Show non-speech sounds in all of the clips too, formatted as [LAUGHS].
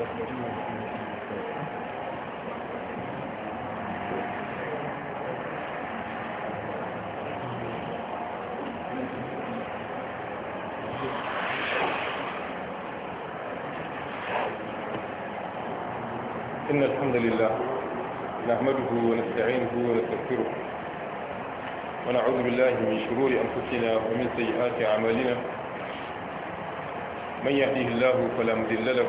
إن الحمد لله نحمده ونستعينه ونستغفره ونعوذ بالله من شرور أنفسنا ومن سيئات أعمالنا من يهديه الله فلا مذل له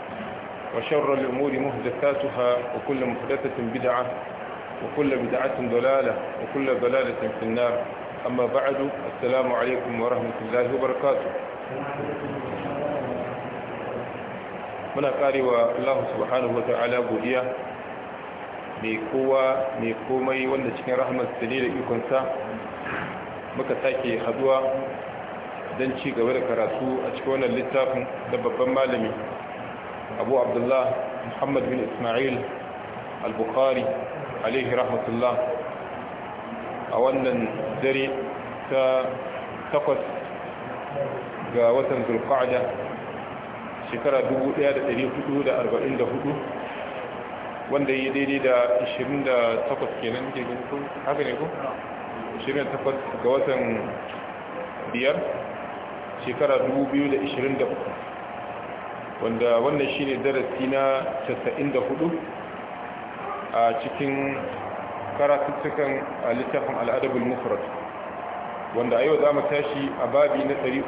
وشر الأمور مهدثاتها وكل مهدثة بدعة وكل بدعة ضلالة وكل ضلالة في النار أما بعد السلام عليكم ورحمة الله وبركاته muna karewa Allah subhanahu wa ta'ala godiya mai kowa mai komai wanda cikin rahamarsa ne da ikonsa muka sake haduwa don ci gaba da karatu a cikin wannan littafin da babban malami abu abdullah muhammad bin ismail al-bukhari alaihi a wannan dare ta takwas ga watan zulqa'da shekara 1444 wanda yi daidai da 28 kenan ke ko haka ne ko ga watan biyar shekara 2023 wanda wannan shi ne darasi na 94 a cikin karatuttukan littafin al'adabul mufrad wanda a yau za mu tashi a babi na da 301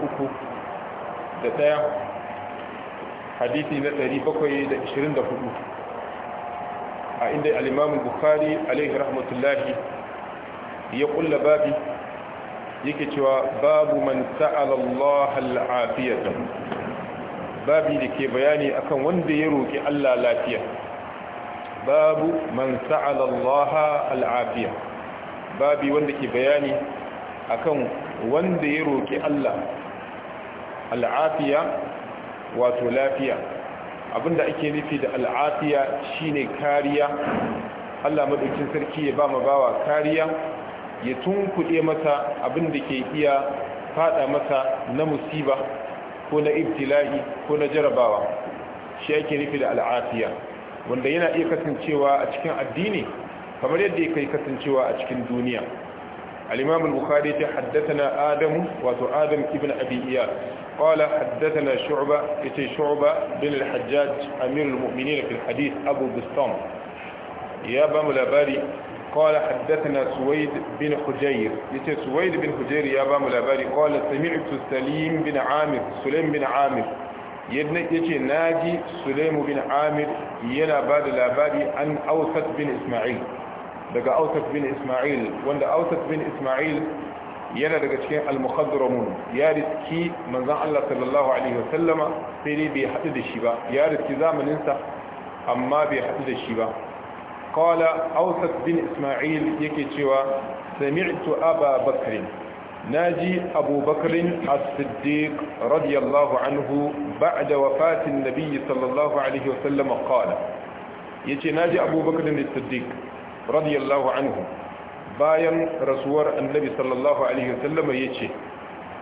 hadisi na 724 a inda al'imamun bukari alaihi rahmatullahi ya kulla babi yake cewa babu man sa'ala Allah al'afiyata babi da ke bayani akan wanda ya roƙi Allah lafiya babu man sa'ala Allah al'afiya babi wanda ke bayani akan wanda ya roƙi Allah al'afiya wato lafiya abinda ake nufi da al'afiya shine kariya Allah madaukin sarki ya ba mu bawa kariya ya tunkuɗe mata abinda ke iya fada masa na musiba ko na ibtila'i ko na jarabawa shi ake nufi da al'afiya wanda yana iya kasancewa a cikin addini kamar yadda ya kai kasancewa a cikin duniya alimamul bukhari ta haddathana adam wato adam ibn abi iyad qala shu'uba shu'ba yace shu'ba bin al amirul amir al-mu'minin abu bistam ya ba mu labari قال حدثنا سويد yace حجير يتي سويد بن حجير يا بام الأباري قال سمعت سليم بن عامر سليم بن عامر يتي ناجي سليم بن عامر ينا بعد الأباري عن أوسط بن إسماعيل daga ausat bin ismail wanda ausat bin ismail yana daga cikin al-mukhadramun ya riski manzon Allah sallallahu alaihi wasallama sai dai bai hadu da shi ba ya riski zamanin sa amma bai hadu da shi ba kola awsat bin isma'il yake cewa sami'tu aba naji abu bakr as-siddiq radiyallahu anhu ba'da wafati an-nabi alaihi wa sallam qala yace naji abu bakr as anhu bayan rasuwar annabi sallallahu alaihi wa sallam yace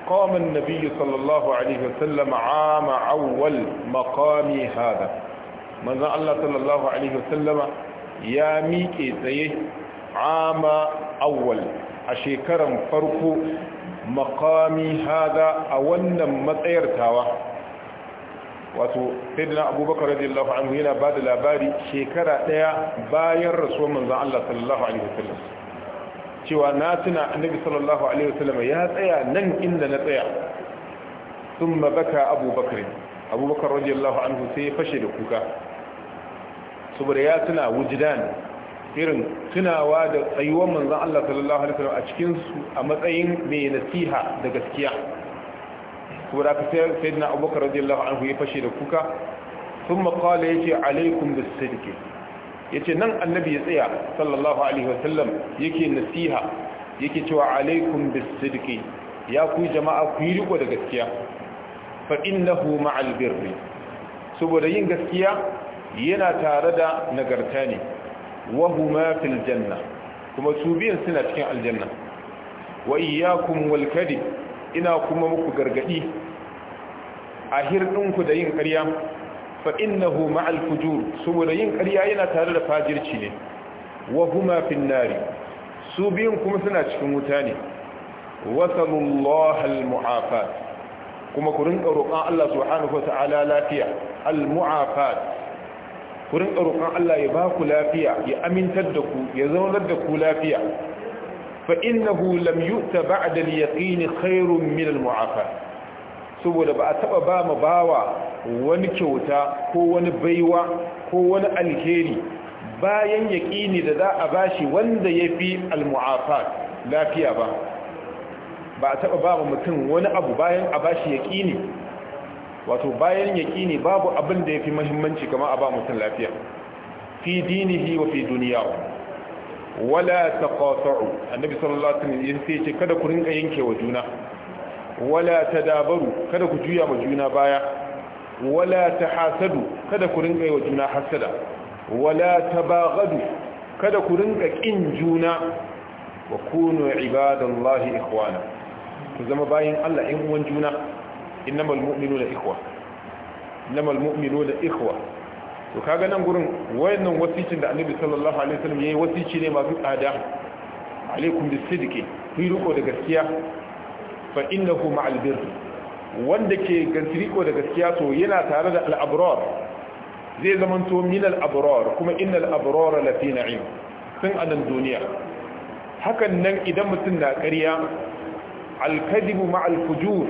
قام النبي صلى الله عليه وسلم عام أول مقامي هذا ماذا الله صلى الله عليه وسلم ya miƙe tsaye ama awwal a shekaran farko makami haga a wannan matsayar tawa wato sayyidina abubakar radiyallahu anhu yana ba da labari shekara daya bayan rasuwar manzon Allah sallallahu alaihi wasallam cewa na tuna annabi sallallahu alaihi wasallam ya tsaya nan inda na tsaya thumma baka abubakar abubakar radiyallahu anhu sai ya fashe da kuka saboda ya tuna wujdan irin tunawa da tsayuwar manzan Allah sallallahu alaihi wasallam a cikinsu a matsayin mai nasiha da gaskiya saboda ka sai sayyidina Abubakar radiyallahu anhu ya fashe da kuka Sun thumma qala yace alaikum da bis Ya ce nan annabi ya tsaya sallallahu alaihi wasallam yake nasiha yake cewa alaikum da sidq ya ku jama'a ku yi riko da gaskiya fa innahu ma'al birri saboda yin gaskiya yana tare da nagarta ne wa huma janna kuma su biyan suna cikin aljanna wa iyyakum wal kadib ina kuma muku gargadi a hirɗinku da yin ƙarya fa innahu ma'al fujur saboda yin ƙarya yana tare da fajirci ne wa huma nari su biyun kuma suna cikin wuta ne wasallallahu muafat kuma ku rinka roƙon Allah subhanahu lafiya al-mu'afat ku rinka roƙon Allah ya ba ku lafiya ya amintar da ku ya zaunar da ku lafiya fa innahu lam yu'ta ba'da al-yaqin khairun min al-mu'afa saboda ba a taba ba mu bawa wani kyauta ko wani baiwa ko wani alheri bayan yaqini da za a bashi wanda yafi al-mu'afa lafiya ba ba a taba ba mutum wani abu bayan a bashi yaqini wato bayan ne babu abin da fi muhimmanci kama a ba mutum lafiya fi dinihi wa fi duniyahu wala taqata'u annabi sallallahu alaihi wasallam ce kada ku rinka yanke wa juna wala dabaru, kada ku juya ma juna baya wala hasadu, kada ku rinka yi wa juna hasada wala tabaghadu kada ku rinka kin juna wa kunu ibadallahi ikhwana ku zama bayan Allah in uwan juna innamal mu'minuna ikhwa innamal mu'minuna ikhwa to kaga nan gurin wayannan wasicin da annabi sallallahu alaihi wasallam yayi wasici ne masu tsada alaikum bisidqi ku riko da gaskiya fa innahu ma'al birr wanda ke gantsiriko da gaskiya to yana tare da al-abrar zai zamanto min al-abrar kuma innal abrara lafi na'im sun anan duniya hakan nan idan mutum na ƙarya al-kadhibu ma'al fujur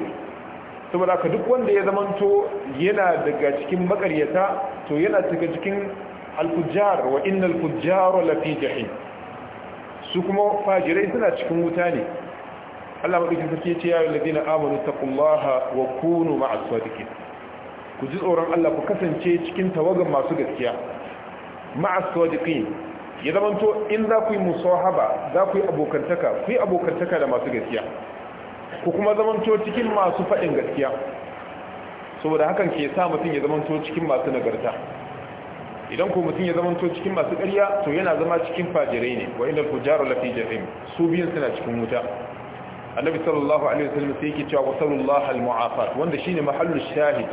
saboda ka duk wanda ya zamanto yana daga cikin makaryata to yana daga cikin alfujjar wa innal la fi jahim su kuma fajirai suna cikin wuta ne Allah madaukin sarki ya ce ya ladina amanu taqullaha wa kunu ma'as sadiqin ku ji tsoron Allah ku kasance cikin tawagan masu gaskiya ma'as sadiqin ya zamanto in za ku yi musahaba za ku yi abokantaka ku yi abokantaka da masu gaskiya ku kuma zamanto cikin masu faɗin gaskiya saboda hakan ke sa mutum ya zamanto cikin masu nagarta idan ko mutum ya zamanto cikin masu ƙarya to yana zama cikin fajirai ne wa inda fujaru lafi jahim su biyun suna cikin wuta annabi sallallahu alaihi wasallam sai yake cewa wasallallahu almu'afat wanda shine mahallu shahid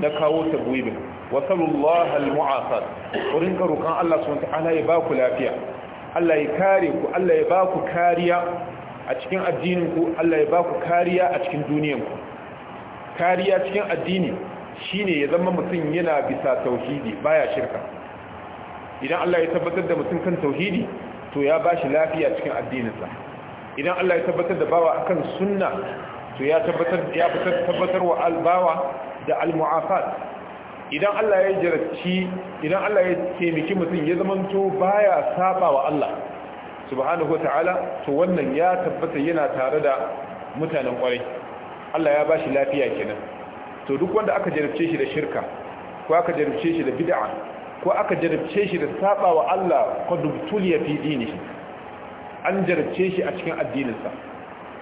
na kawo tabwibin wasallallahu almu'afat wurin karukan Allah subhanahu wa ta'ala ya ba ku lafiya Allah ya kare ku Allah ya ba ku kariya a cikin addininku Allah ya baku kariya a cikin duniyanku kariya cikin addini shine ya zama mutum yana bisa tauhidi baya shirka idan Allah ya tabbatar da mutum kan tauhidi to ya ba shi lafiya cikin addininsa idan Allah ya tabbatar da bawa akan sunna to ya tabbatar ya tabbatar wa albawa da almu'afat idan Allah ya jarabci idan Allah ya taimaki mutum ya zamanto baya saba wa Allah subhanahu wata'ala to wannan ya tabbata yana tare da mutanen kwarai Allah ya bashi lafiya kenan to duk wanda aka jarabce shi da shirka ko aka jarabce shi da bid'a ko aka jarabce shi da Allah ko Allah qadubtuliya fi shi, an jarabce shi a cikin addininsa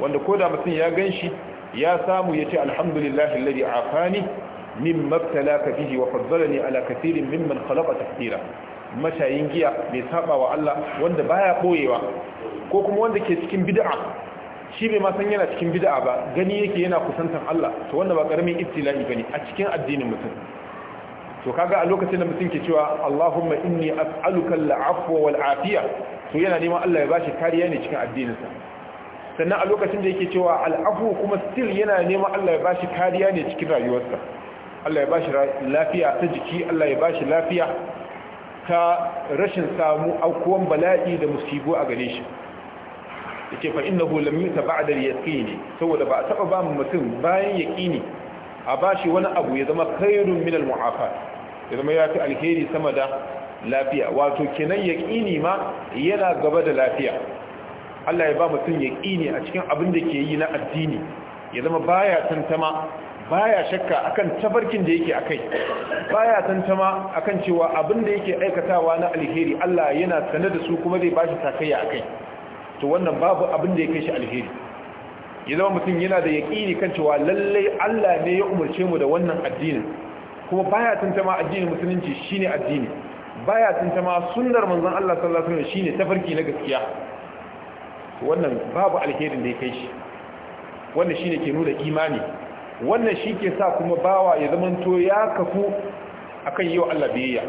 wanda koda mutum ya ganshi ya samu yace alhamdulillahi alladhi afani min mabtala ka fihi wa faddalani ala kathirin mimman khalaqa tafsira mashayin giya mai saba wa Allah wanda baya boyewa ko kuma wanda ke cikin bid'a shi bai ma san yana cikin bid'a ba gani yake yana kusantan Allah to wanda ba karamin ibtila'i bane a cikin addinin mutum to kaga a lokacin da mutum ke cewa Allahumma inni as'aluka al-afwa wal afiya to yana neman Allah ya bashi kariya ne cikin addininsa sannan a lokacin da yake cewa al-afwu kuma still yana neman Allah ya bashi kariya ne cikin rayuwarsa Allah ya bashi lafiya ta jiki Allah ya bashi lafiya ta rashin samu aukuwan bala'i da musibu a gare shi yake fa innahu lam yuta ba'da al-yaqini saboda ba taba ba mutum bayan yaqini a bashi wani abu ya zama khairun min al ya zama yafi alheri sama da lafiya wato kenan yaqini ma yana gaba da lafiya Allah ya ba mutum yaqini a cikin abin da ke yi na addini ya zama baya tantama baya shakka akan tabarkin da yake akai baya tantama akan cewa abin da yake aikatawa na alheri Allah yana sanar da su kuma zai bashi takayya akai to wannan babu abin da ya kai shi alheri ya zama mutum yana da yaƙini kan cewa lallai Allah ne ya umarce mu da wannan addinin kuma baya tantama addinin musulunci shine addini baya tantama sunnar manzon Allah sallallahu alaihi wasallam shine tafarki na gaskiya wannan babu alherin da ya kai shi wannan shine ke nuna imani wannan shi ke sa kuma bawa ya zamanto ya kafu akan wa Allah biyayya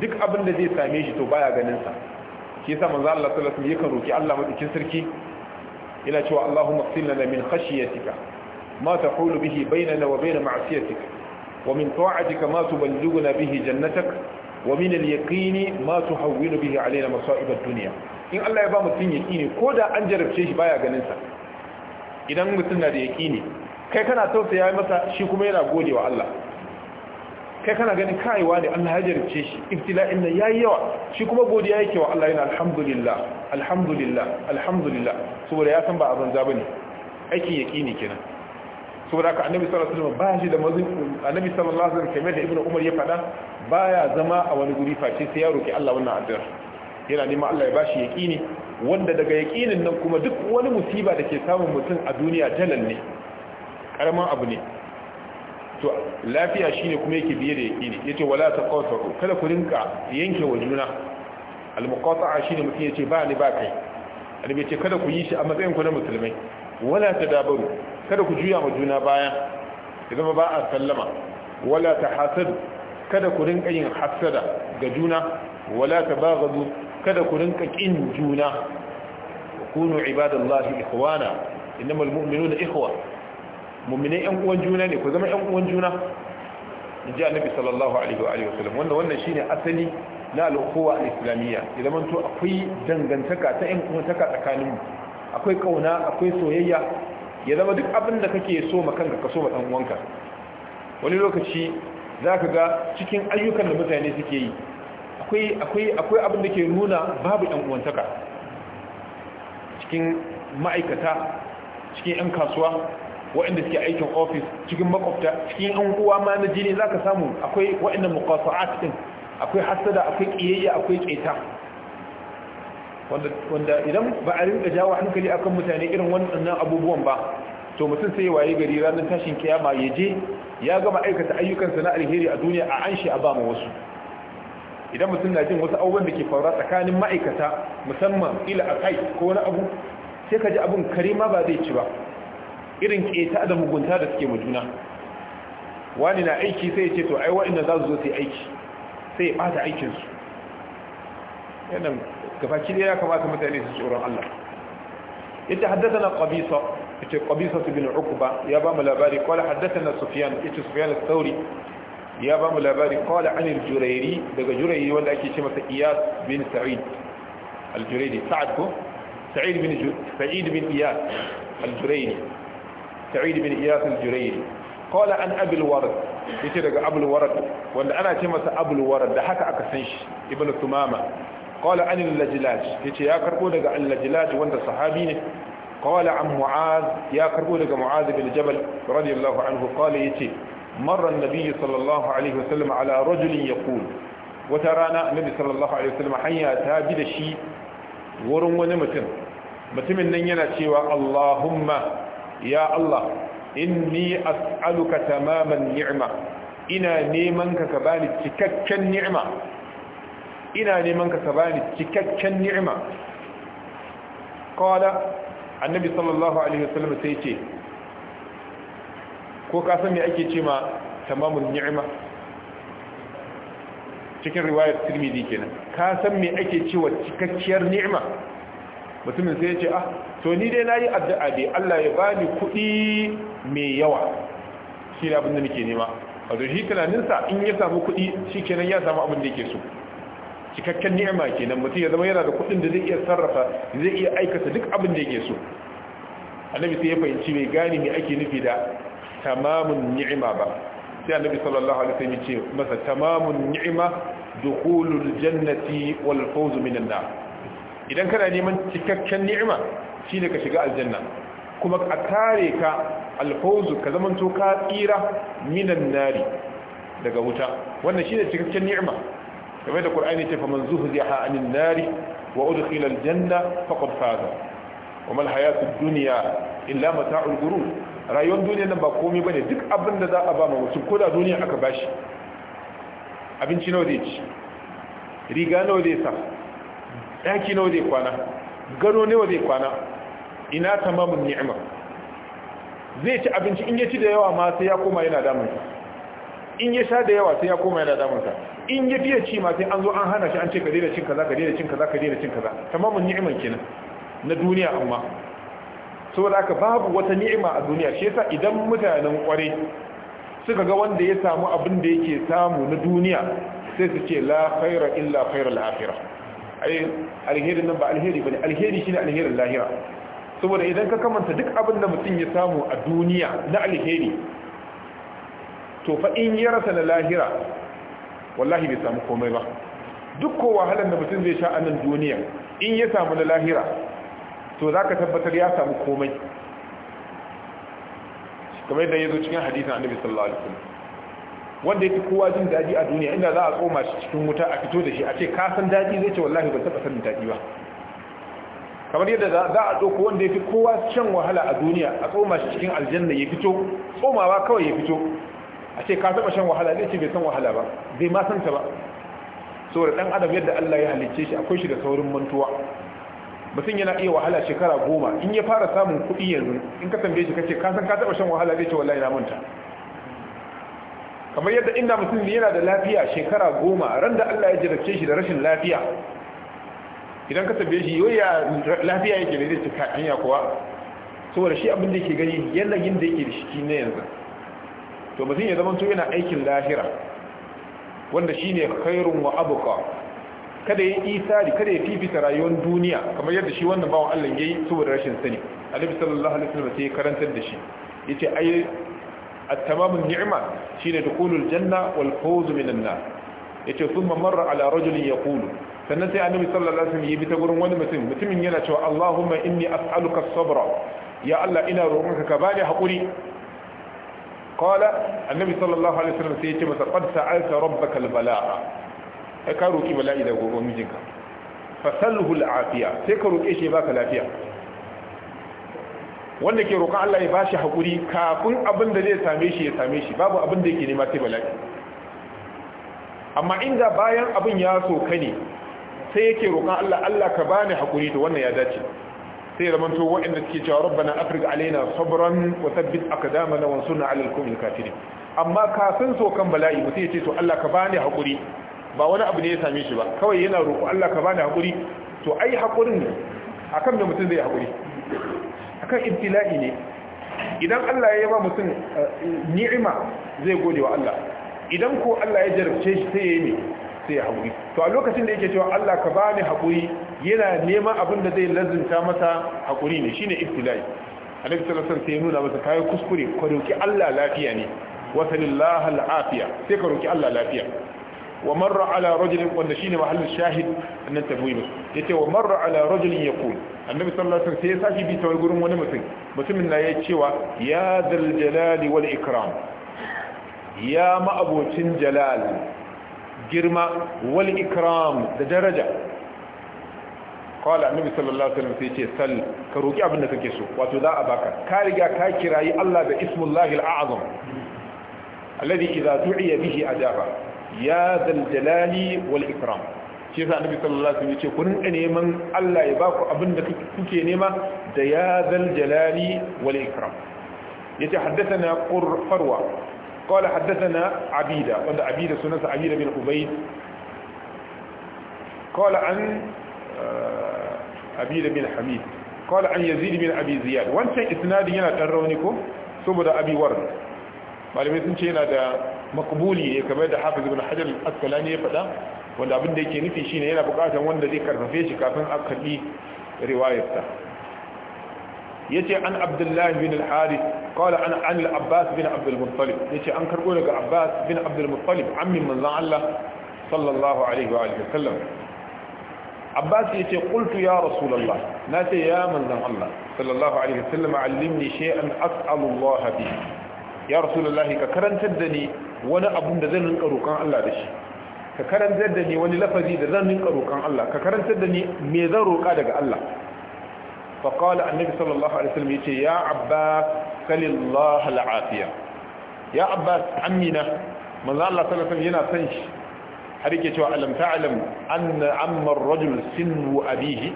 duk abin da zai same shi to baya ganin sa shi yasa manzo Allah sallallahu alaihi wasallam yakan roki Allah madaukin sarki yana cewa Allahumma qsil lana min khashyatika ma tahulu bihi bainana wa bain ma'siyatika wa min ta'atika ma tuballighuna bihi jannatak wa min al-yaqini ma tuhawwilu bihi alaina masa'ib ad-dunya in Allah ya ba mutun yaqini koda an jarabce shi baya ganin sa idan mutun na da yaqini kai kana tausaya masa shi kuma yana gode wa Allah kai kana ganin kaiwa ne Allah ya jarce shi ibtila'in nan yayi yawa shi kuma godiya yake wa Allah yana alhamdulillah alhamdulillah alhamdulillah saboda ya san ba abin za ne, aikin yaqini kenan saboda haka annabi sallallahu alaihi wasallam ba shi da mazin annabi sallallahu alaihi wasallam kamar da ibnu umar ya faɗa baya zama a wani guri face sai ya roki Allah wannan addu'a yana neman Allah ya bashi yaqini wanda daga yaqinin nan kuma duk wani musiba da ke samun mutum a duniya jalal ne karaman abu ne to lafiya shine kuma yake biye da yaqini yace wala taqawtu kada ku rinka yanke wa juna al-muqata'a shine mutum yace ba ni ba kai annabi ce kada ku yi shi a matsayin ku na musulmai wala tadabaru kada ku juya wa juna baya idan ba a sallama wala tahasad kada ku rinka yin hasada ga juna wala tabaghadu kada ku rinka kin juna kunu ibadallahi ikhwana innamal mu'minuna ikhwa mummine yan uwan juna ne ku zama yan uwan juna in ji annabi sallallahu alaihi wa alihi wasallam wanda wannan shine asali na al'uwa al-islamiyya idan mun to akwai dangantaka ta yan uwan taka tsakanin mu akwai kauna akwai soyayya ya zama duk abin da kake so ma kanka ka so ma dan uwanka wani lokaci zaka ga cikin ayyukan da mutane suke yi akwai akwai akwai abin da ke nuna babu yan taka cikin ma'aikata cikin yan kasuwa waɗanda suke aikin ofis cikin makwabta cikin an uwa ma na jini za ka samu akwai waɗanda muqasa'at din akwai hasada akwai ƙiyayya akwai ƙeta wanda idan ba a rinka jawo hankali akan mutane irin waɗannan abubuwan ba to mutum sai waye gari ranar tashin kiyama ya je ya gama aikata ayyukansa na alheri a duniya a anshi a ba wasu idan mutum na jin wasu abubuwan da ke faruwa tsakanin ma'aikata musamman ila a kai ko wani abu sai ka ji abin karima ba zai ci ba irin keta da mugunta da suke mu wani na aiki sai ya ce to ai waɗanda za su zo su aiki sai ya ɓata aikinsu yanan gabaki ɗaya ya kamata mutane su tsoron Allah yadda haddasa na ƙabisa yace ƙabisa su bin rukuba ya ba mu labari kawai haddasa na sufiyan yace sufiyan sauri ya ba mu labari kwallo anil jurairi daga jurairi wanda ake ce masa iyas bin sa'id al-jurairi sa'ad ko sa'id bin sa'id bin iyas al-jurairi sa'id bin iyas al ana ce masa haka aka san shi ibnu ya ne قال عن معاذ يا كربولك معاذ بن جبل رضي الله عنه قال يتي مر النبي صلى الله عليه وسلم على رجل يقول وترانا النبي صلى الله عليه وسلم حيا تابد ونمتن اللهم ya Allah inni as'aluka tamaman ni'ma ina neman ka bani cikakken ni'ma ina neman ka ka bani cikakken ni'ma qala annabi sallallahu alaihi wasallam sai ce ko ka san me ake ce ma tamamun ni'ma cikin riwayar tirmidhi kenan ka san me ake cewa cikakkiyar ni'ma mutumin sai ya ce ah to ni dai nayi addu'a dai Allah ya bani kuɗi mai yawa shi abin da nake nema wato shi tunanin sa in ya samu kuɗi shikenan ya samu abin da yake so cikakken ni'ima kenan mutum ya zama yana da kuɗin da zai iya sarrafa zai iya aikata duk abin da yake so annabi sai ya fahimci bai gane me ake nufi da tamamun ni'ima ba sai annabi sallallahu alaihi wasallam ya ce masa tamamun ni'ima dukhulul jannati wal fawzu minan nar idan kana neman cikakken ni'ima shine ka shiga aljanna kuma a kare ka alfauzu ka zamanto ka tsira minan nari daga wuta wannan shine cikakken ni'ima game da qur'ani ce fa man zuhziha anin nari wa udkhila janna, faqad faza wa mal hayatud dunya illa mata'ul ghurur rayuwar duniya nan ba komai ne, duk abin da za a ba ma mutum ko da duniya aka bashi abinci nawa zai ci riga nawa zai sa ɗaki nawa zai kwana gano nawa zai kwana ina tamamin ni'ima zai ci abinci in ya ci da yawa ma sai ya koma yana damunsa in ya sha da yawa sai ya koma yana damunsa in ya fiye ci ma sai an zo an hana shi an ce ka daina cin kaza ka daina cin kaza ka daina cin kaza tamamin ni'iman kenan na duniya amma saboda haka babu wata ni'ima a duniya shi yasa idan mutanen kware suka ga wanda ya samu abin da yake samu na duniya sai su ce la khaira illa khairul akhirah ai nan ba alheri bane alheri shine alherin lahira saboda idan ka kamanta duk abin da mutum ya samu a duniya na alheri to fa in ya rasa na lahira wallahi bai samu komai ba duk ko wahalar da mutum zai sha a nan duniya in ya samu na lahira to zaka tabbatar ya samu komai kamar yadda ya zo cikin hadisin annabi sallallahu alaihi wasallam wanda yake kowa jin daɗi a duniya inda za a tsoma shi cikin wuta a fito da shi a ce ka san daɗi zai ce wallahi ban taɓa sanin daɗi ba kamar yadda za a ɗauko wanda ya fi kowa shan wahala a duniya a tsoma shi cikin aljanna ya fito tsomawa kawai ya fito a ce ka taɓa shan wahala zai ce bai san wahala ba Zai ma santa ba saboda ɗan adam yadda Allah ya halicce shi akwai shi da saurin mantuwa mutum yana iya wahala shekara goma in ya fara samun kuɗi yanzu in ka tambaye shi kace ka san ka taɓa shan wahala zai ce wallahi na manta kamar yadda inda mutum yana da lafiya shekara goma ran da Allah ya jarabce shi da rashin lafiya idan ka tabbe shi yau ya lafiya yake da cika hanya kuwa saboda shi abin da yake gani yanayin da yake da shi na yanzu to mutum ya zama to yana aikin lahira wanda shi ne khairun wa abqa kada ya yi isari kada ya fifita rayuwar duniya kamar yadda shi wannan bawan Allah ya yi saboda rashin sani Annabi sallallahu alaihi wasallam sai karantar da shi yace ai at-tamamun ni'ma shine dukhulul janna wal fawz minan nar yace kuma marra ala rajulin yaqulu sannan sai annabi sallallahu alaihi wasallam ya bi ta gurin wani mutum mutumin yana cewa allahuma inni as'aluka as-sabra ya Allah ina roƙonka ka bani hakuri qala annabi sallallahu alaihi wasallam sai ya ce masa qad sa'alta rabbaka al-balaa ka roki bala'i da gobe mijinka fasalhu sai ka roke shi baka lafiya wanda ke roƙon Allah ya bashi haƙuri kafin abin da zai same shi ya same shi babu abin da yake nema sai bala'i amma inda bayan abin ya soka ne sai yake roƙon Allah Allah ka bani haƙuri to wannan ya dace sai zaman to waɗanda suke cewa rabbana afrig alaina sabran wa thabbit aqdamana wansurna ala alqawmil kafirin amma kafin sokan bala'i mutum ya ce to Allah ka bani haƙuri ba wani abu ne ya same shi ba kawai yana roƙo Allah ka bani haƙuri to ai haƙurin akan me mutum zai haƙuri akan ibtila'i ne idan Allah ya yaba mutum eh, ni'ima zai gode wa Allah idan ko Allah ya jarabce shi sai yayi ne sai ya haƙuri to a lokacin da yake cewa Allah ka bani haƙuri yana neman abin da zai lazimta masa haƙuri ne shine ibtila'i annabi sallallahu alaihi wasallam sai ya nuna masa kai kuskure ka roki Allah lafiya ne wa sallallahu al'afiya sai ka roki Allah lafiya wa marra ala rajulin wanda shine mahallin shahid annan Ya ce wa marar ala rajulin yaqul annabi sallallahu alaihi wasallam sai ya sashi bi ta gurin wani mutum mutumin na ya cewa ya dal jalali wal ikram ya ma'abocin jalal girma wal ikram da daraja kawala annabi sallallahu alaihi wasallam sai ce sal ka roki abin da kake so wato za a baka ka riga ka kirayi Allah da ismullahi al'azam alladhi idza du'iya bihi ajaba ya dal jalali wal ikram shi yasa annabi sallallahu alaihi wasallam ya ce rinka neman Allah ya baku abin da kuke nema da ya zal jalali wal ikram yace haddathana farwa qala haddathana abida wanda abida sunansa abida bin ubayd qala an uh, abida bin hamid qala an yazid bin abi ziyad wanda isnadin yana dan rauni ko saboda abi ward malamai sun ce yana da makbuli ne kamar da hafiz ibn hajar al-asqalani ya faɗa wanda abin da yake nufi shine yana bukatar wanda zai karfafe shi kafin a karbi riwayarsa yace an abdullahi bin al-harith qala an an al-abbas bin abd al-muttalib yace an karbo daga abbas bin abd al-muttalib ammin manzan Allah sallallahu alaihi wa alihi wasallam abbas yace qultu ya rasulullah nace ya manzan Allah sallallahu alaihi wasallam allimni shay'an as'alu Allah bihi ya rasulullah ka karantar da ni wani abun da zan rinka roƙon Allah da shi ka karantar da ni wani lafazi da zan ninka roƙon Allah ka karantar da ni me zan roƙa daga Allah fa qala annabi sallallahu alaihi wasallam yace ya abbas kalillahi alafiya ya abbas ammina manzo Allah sallallahu alaihi wasallam yana san shi har yake cewa alam ta'lam anna amma ar-rajul sinu abihi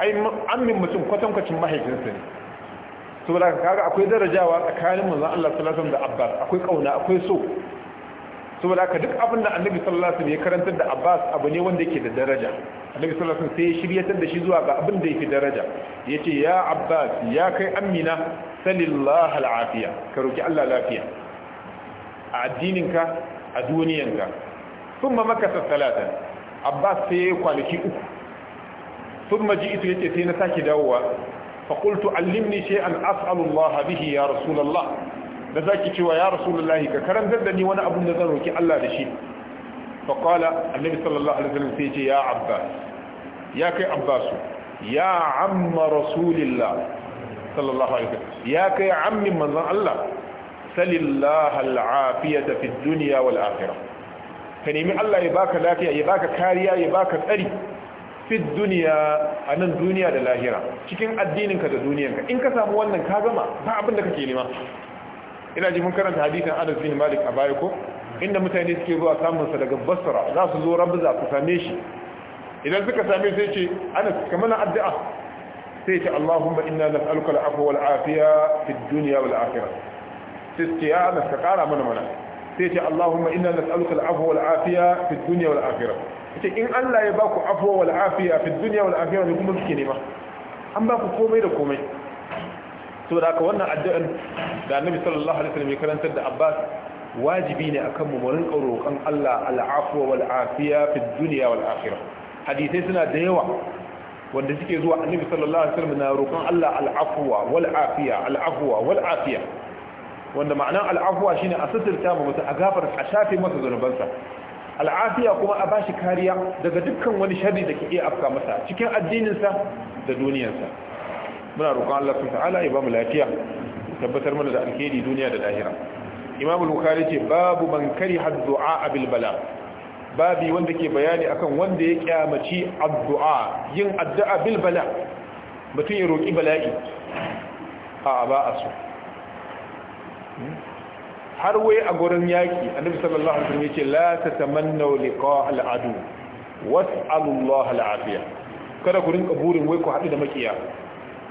ai ammin mutum kwatankwacin mahaifinsa ne saboda kaga akwai darajawa tsakanin manzo Allah sallallahu alaihi wasallam da abbas akwai kauna akwai so saboda haka duk abin da annabi sallallahu alaihi wasallam ya karantar da Abbas abu ne wanda yake da daraja annabi sallallahu alaihi wasallam sai ya shiryatar da shi zuwa ga abin da yake daraja yace ya Abbas ya kai ammina sallallahu alaihi ka roki Allah lafiya a addininka a duniyanka thumma makasa salatan Abbas sai ya kwanaki uku thumma ji'tu yace sai na saki dawowa fa qultu allimni shay'an as'alu Allah bihi ya rasulullah da za ki cewa ya rasulullahi ka karantar da ni wani abun da zan roki Allah da shi fa qala annabi sallallahu alaihi wasallam sai ce ya abbas ya kai abbasu ya amma rasulillah sallallahu alaihi wasallam ya kai ammin manzon Allah salillahi al'afiyata fid dunya wal akhirah ka nemi Allah ya baka lafiya ya baka kariya ya baka tsari fi duniya anan duniya da lahira cikin addininka da duniyanka in ka samu wannan ka gama ba abin da kake nema ina ji mun karanta hadisin Anas bin Malik a baya ko inda mutane suke zuwa samun sa daga Basra za su zo rabu za su same shi idan suka same sai ce Anas kamar addu'a sai ce Allahumma inna nas'aluka al-afwa wal afiya fid dunya wal akhirah sai ce ya Anas ka kara mana mana sai ce Allahumma inna nas'aluka al-afwa wal afiya fid dunya wal akhirah ce in Allah ya baku afwa wal afiya fid dunya wal akhirah ne kuma suke nema an baku komai da komai to da aka wannan addu'an da annabi sallallahu alaihi wasallam ya karantar da Abbas wajibi ne akan mu mu roƙon Allah al'afwa wal afiya fi dunya wal akhirah hadisai suna da yawa wanda suke zuwa annabi sallallahu alaihi wasallam na roƙon Allah al'afwa wal afiya al'afwa wal afiya wanda ma'anar al'afwa shine a sassirta mu mutum a gafar a shafe masa zanubansa al'afiya kuma a bashi kariya daga dukkan wani sharri da ke iya afka masa cikin addininsa da duniyarsa muna roƙon Allah subhanahu ta'ala ya ba mu lafiya tabbatar mana da alheri duniya da lahira Imam al-Bukhari ce babu man kariha ad-du'a bil bala babi wanda ke bayani akan wanda ya kyamaci addu'a yin addu'a bil bala mutum ya roƙi bala'i a ba a so har wai a gurin yaki annabi sallallahu alaihi wasallam yace la tatamannu liqa al-adu was'alu al-afiya kada ku rinka burin wai ku haɗu da makiya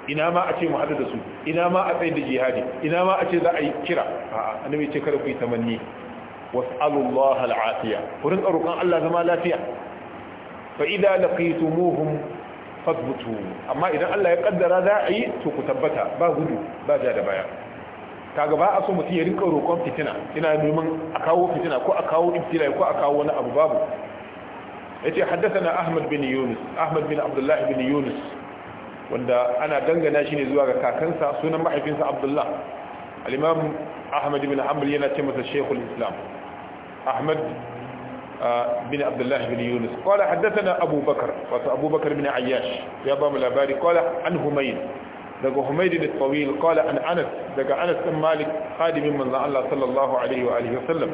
ina ma a ce mu haɗu da su ina ma a tsaye da jihadi ina ma a ce za a yi kira a annabi ce kada ku yi tamanni was'alullah al'afiya wurin tsarukan Allah zama lafiya fa idza laqitumuhum fadbutu amma idan Allah ya kaddara za a yi to ku tabbata ba gudu ba ja da baya kaga ba a so mutum ya rinka roƙon fitina ina neman a kawo fitina ko a kawo ibtilai ko a kawo wani abu babu yace haddathana ahmad bin yunus ahmad bin abdullah bin yunus wanda ana dangana shi ne zuwa ga kakansa sunan mahaifinsa abdullah al'imam ahmad bin hanbal yana ce masa shekul islam ahmad uh, bin abdullah bin yunus kwallo haddasa abubakar wasu abubakar bin ayyash ya ba mu labari kwallo an humayin daga humayin da tsawil kwallo an anas daga anas ɗin malik hadimin manzan allah sallallahu alaihi wa sallam wasallam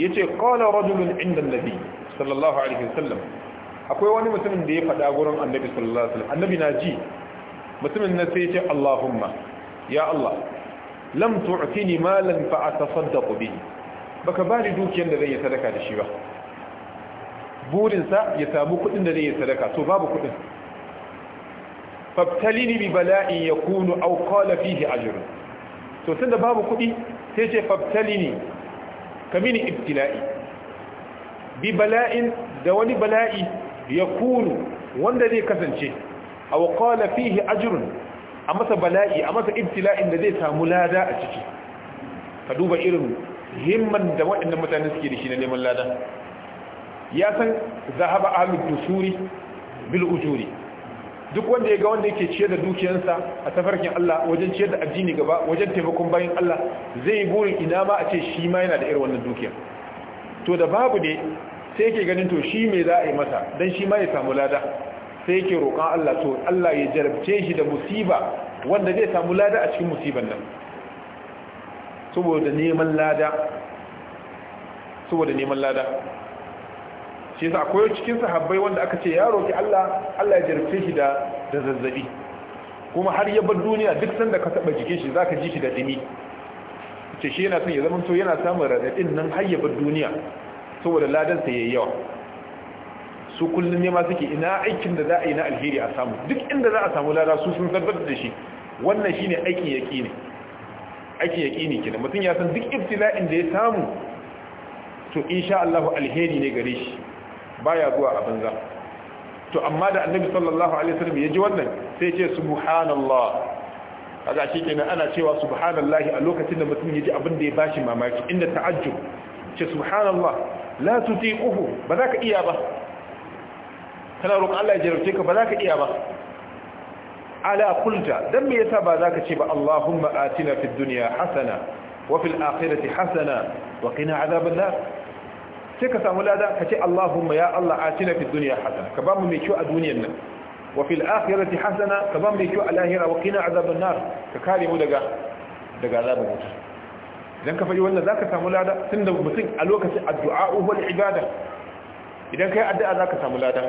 ya ce kwallo rajulun inda nabi sallallahu alaihi wasallam akwai wani mutumin da ya faɗa gurin annabi sallallahu alaihi wasallam annabi na ji mutumin na sai ce Allahumma ya Allah lam tu'tini malan fa atasaddaqu bihi baka bani dukiyar da zan yi sadaka da shi ba burinsa ya samu kuɗin da zan yi sadaka to babu kuɗin fabtalini bi bala'in yakunu aw qala fihi ajrun to tunda babu kuɗi sai ce fabtalini kamini ibtila'i bi bala'in da wani bala'i ya kunu wanda zai kasance a wakala fihi ajirun a masa bala'i a masa ibtila'in da zai samu lada a ciki ka duba irin himman da waɗannan mutane suke da shi na neman lada ya san zahaba ahlud dusuri bil ujuri duk wanda ya ga wanda yake ciyar da dukiyarsa a tafarkin Allah wajen ciyar da addini gaba wajen taimakon bayan Allah zai yi burin ina ma a ce shi ma yana da irin wannan dukiyar to da babu ne sai yake ganin to shi me za a yi masa don shi ma ya samu lada sai yake roƙon Allah to Allah ya jarabce shi da musiba wanda zai samu lada a cikin musiban nan saboda neman lada saboda neman lada shi yasa akwai cikin sahabbai wanda aka ce ya roƙi Allah Allah ya jarabce shi da da zazzabi kuma har ya bar duniya duk sanda ka taba jikin shi zaka ji shi da dimi ce shi yana son ya zama to yana samun radadin nan hayyabar duniya saboda Ladansa ya yi yawa su kullum ne ma suke ina aikin da za a yi na alheri a samu duk inda za a samu lada su sun tabbatar da shi wannan shi ne aikin ne. aikin yaqini kenan mutum ya san duk ibtila'in da ya samu to insha Allah alheri ne gare shi baya zuwa a banza to amma da annabi sallallahu alaihi wasallam ya ji wannan sai ya ce subhanallah kaga kenan ana cewa subhanallahi a lokacin da mutum ya abin da ya bashi mamaki inda ta'ajjub ce subhanallah la tuti'uhu ba za ka iya ba kana roƙon Allah ya jarabce ka ba za ka iya ba ala kulta dan me yasa ba za ka ce ba Allahumma atina fid dunya hasana wa fil akhirati hasana wa qina adhaban nar sai ka samu lada ka ce Allahumma ya Allah atina fid dunya hasana ka ba mu mai kyau a duniyar nan wa fil akhirati hasana ka ba mai kyau a lahira wa qina azaban nar ka kare mu daga daga azabar wuta idan ka faɗi wannan zaka samu lada tunda mutum a lokacin addu'a wal ibada idan kai addu'a zaka samu lada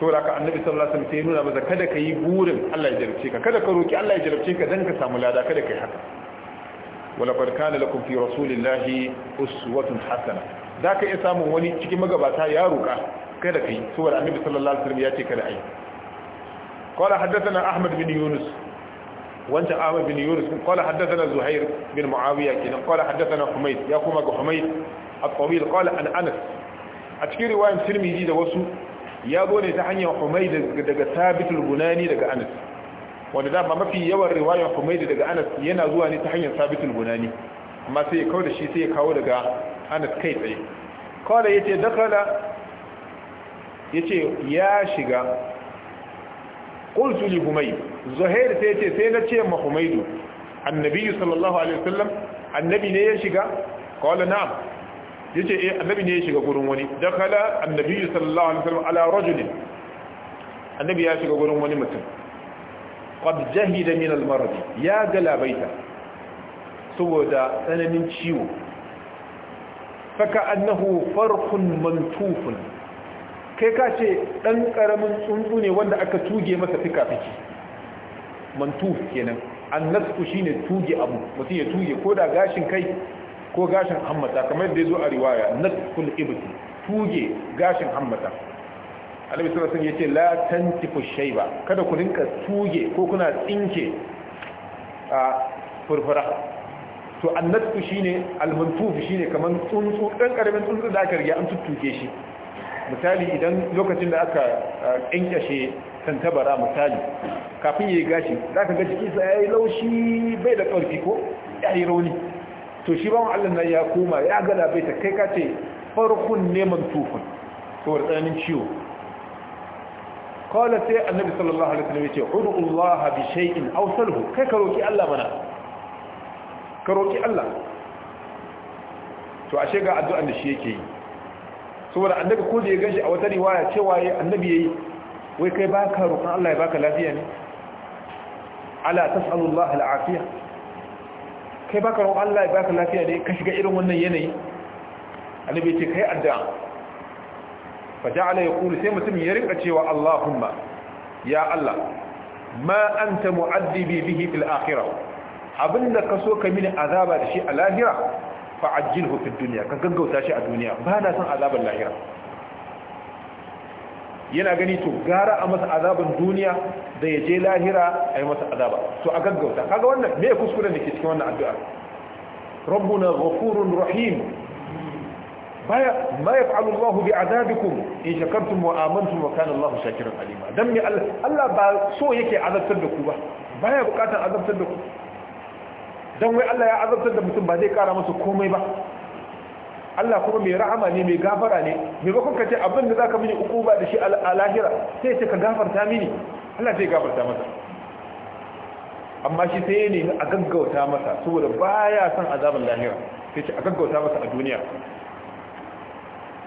saboda ka annabi sallallahu alaihi wasallam nuna maza kada ka yi burin Allah ya jarabce ka kada ka roki Allah ya jarabce ka dan ka samu lada kada kai haka walaqad zaka iya samun wani cikin magabata ya roka kada kai saboda annabi sallallahu alaihi wasallam ya ce kada ai qala hadathana ahmad bin yunus wancan ahmad bin yunus qala hadathana zuhair bin muawiya kenan qala hadathana humayd ya kuma ga humayd at-tawil qala an anas a cikin riwayan tirmidhi da wasu ya zo ne ta hanyar humayd daga al bunani daga anas wanda ba mafi yawan riwayar humayd daga anas yana zuwa ne ta hanyar al bunani amma sai ya kawo da shi sai ya kawo daga anas kai tsaye qala yace dakala yace ya shiga qultu li humayd zuhair sai yace sai na ce ma humaydu annabi sallallahu alaihi wasallam annabi ne ya shiga qala na'am yace eh annabi ne ya shiga gurin wani dakala annabi sallallahu alaihi wasallam ala rajulin annabi ya shiga gurin wani mutum qad jahida min al-marad ya galabaita saboda tsananin ciwo faka annahu farqun mantufun kai ka ce ɗan ƙaramin tsuntsu ne wanda aka tuge masa fika-fiki mantu kenan an nasku shi ne tuge abu mutum ya tuge ko da gashin kai ko gashin hammata kamar da ya zo a riwaya naskul ibti tuge gashin hammata alaihi suna sun yace la tantifu ba kada ku rinka tuge ko kuna tsinke a furfura to annatku shine almantufu shine kamar tsuntsu Ɗan ƙaramin tsuntsu da aka riga an tuttuke shi misali idan lokacin da aka ƙyanƙyashe tantabara misali kafin ya yi gashi za ka ga jikinsa ya yi laushi bai da ƙarfi ko ya yi rauni to shi ba allah na ya koma ya gada bai ta kai ka ce farkon neman tufin saboda tsananin ciwo kawai sai annabi sallallahu alaihi wasallam ya ce hudu allah bi shay'in aw salhu kai ka roki allah mana ka roki allah to ashe ga addu'an da shi yake yi saboda annabi ko da ya gashi a wata riwaya cewa ya annabi yayi wai kai baka roƙon Allah ya baka lafiya ne ala tas'alullah al'afiya kai baka roƙon Allah ya baka lafiya ne ka shiga irin wannan yanayi annabi ya ce kai addu'a fa ja'ala yaqulu sai mutum ya rinka cewa Allahumma ya Allah ma anta mu'addibi bihi fil akhirah abinda kaso ka mini azaba da shi a lahira fa'ajjilhu fid duniya, ka gaggauta shi a duniya ba na son azabar lahira yana gani to gara a masa azaban duniya da ya je lahira a yi masa azaba to a gaggauta kaga wannan me kuskure da ke cikin wannan addu'a na ghafurun rahim baya ma yaf'alu Allahu bi'adabikum in shakartum wa amantum wa Allahu shakiran alima dan me Allah ba so yake azabtar da ku ba baya bukatar azabtar da ku don wai Allah ya azabtar da mutum ba zai kara masa komai ba Allah kuma mai rahama ne mai gafara ne Mai ka ce abin da zaka mini ukuba da shi a lahira sai ce ka gafarta mini Allah zai gafarta masa amma shi sai ya nemi a gaggauta masa saboda baya son azabin lahira sai ce a gaggauta masa a duniya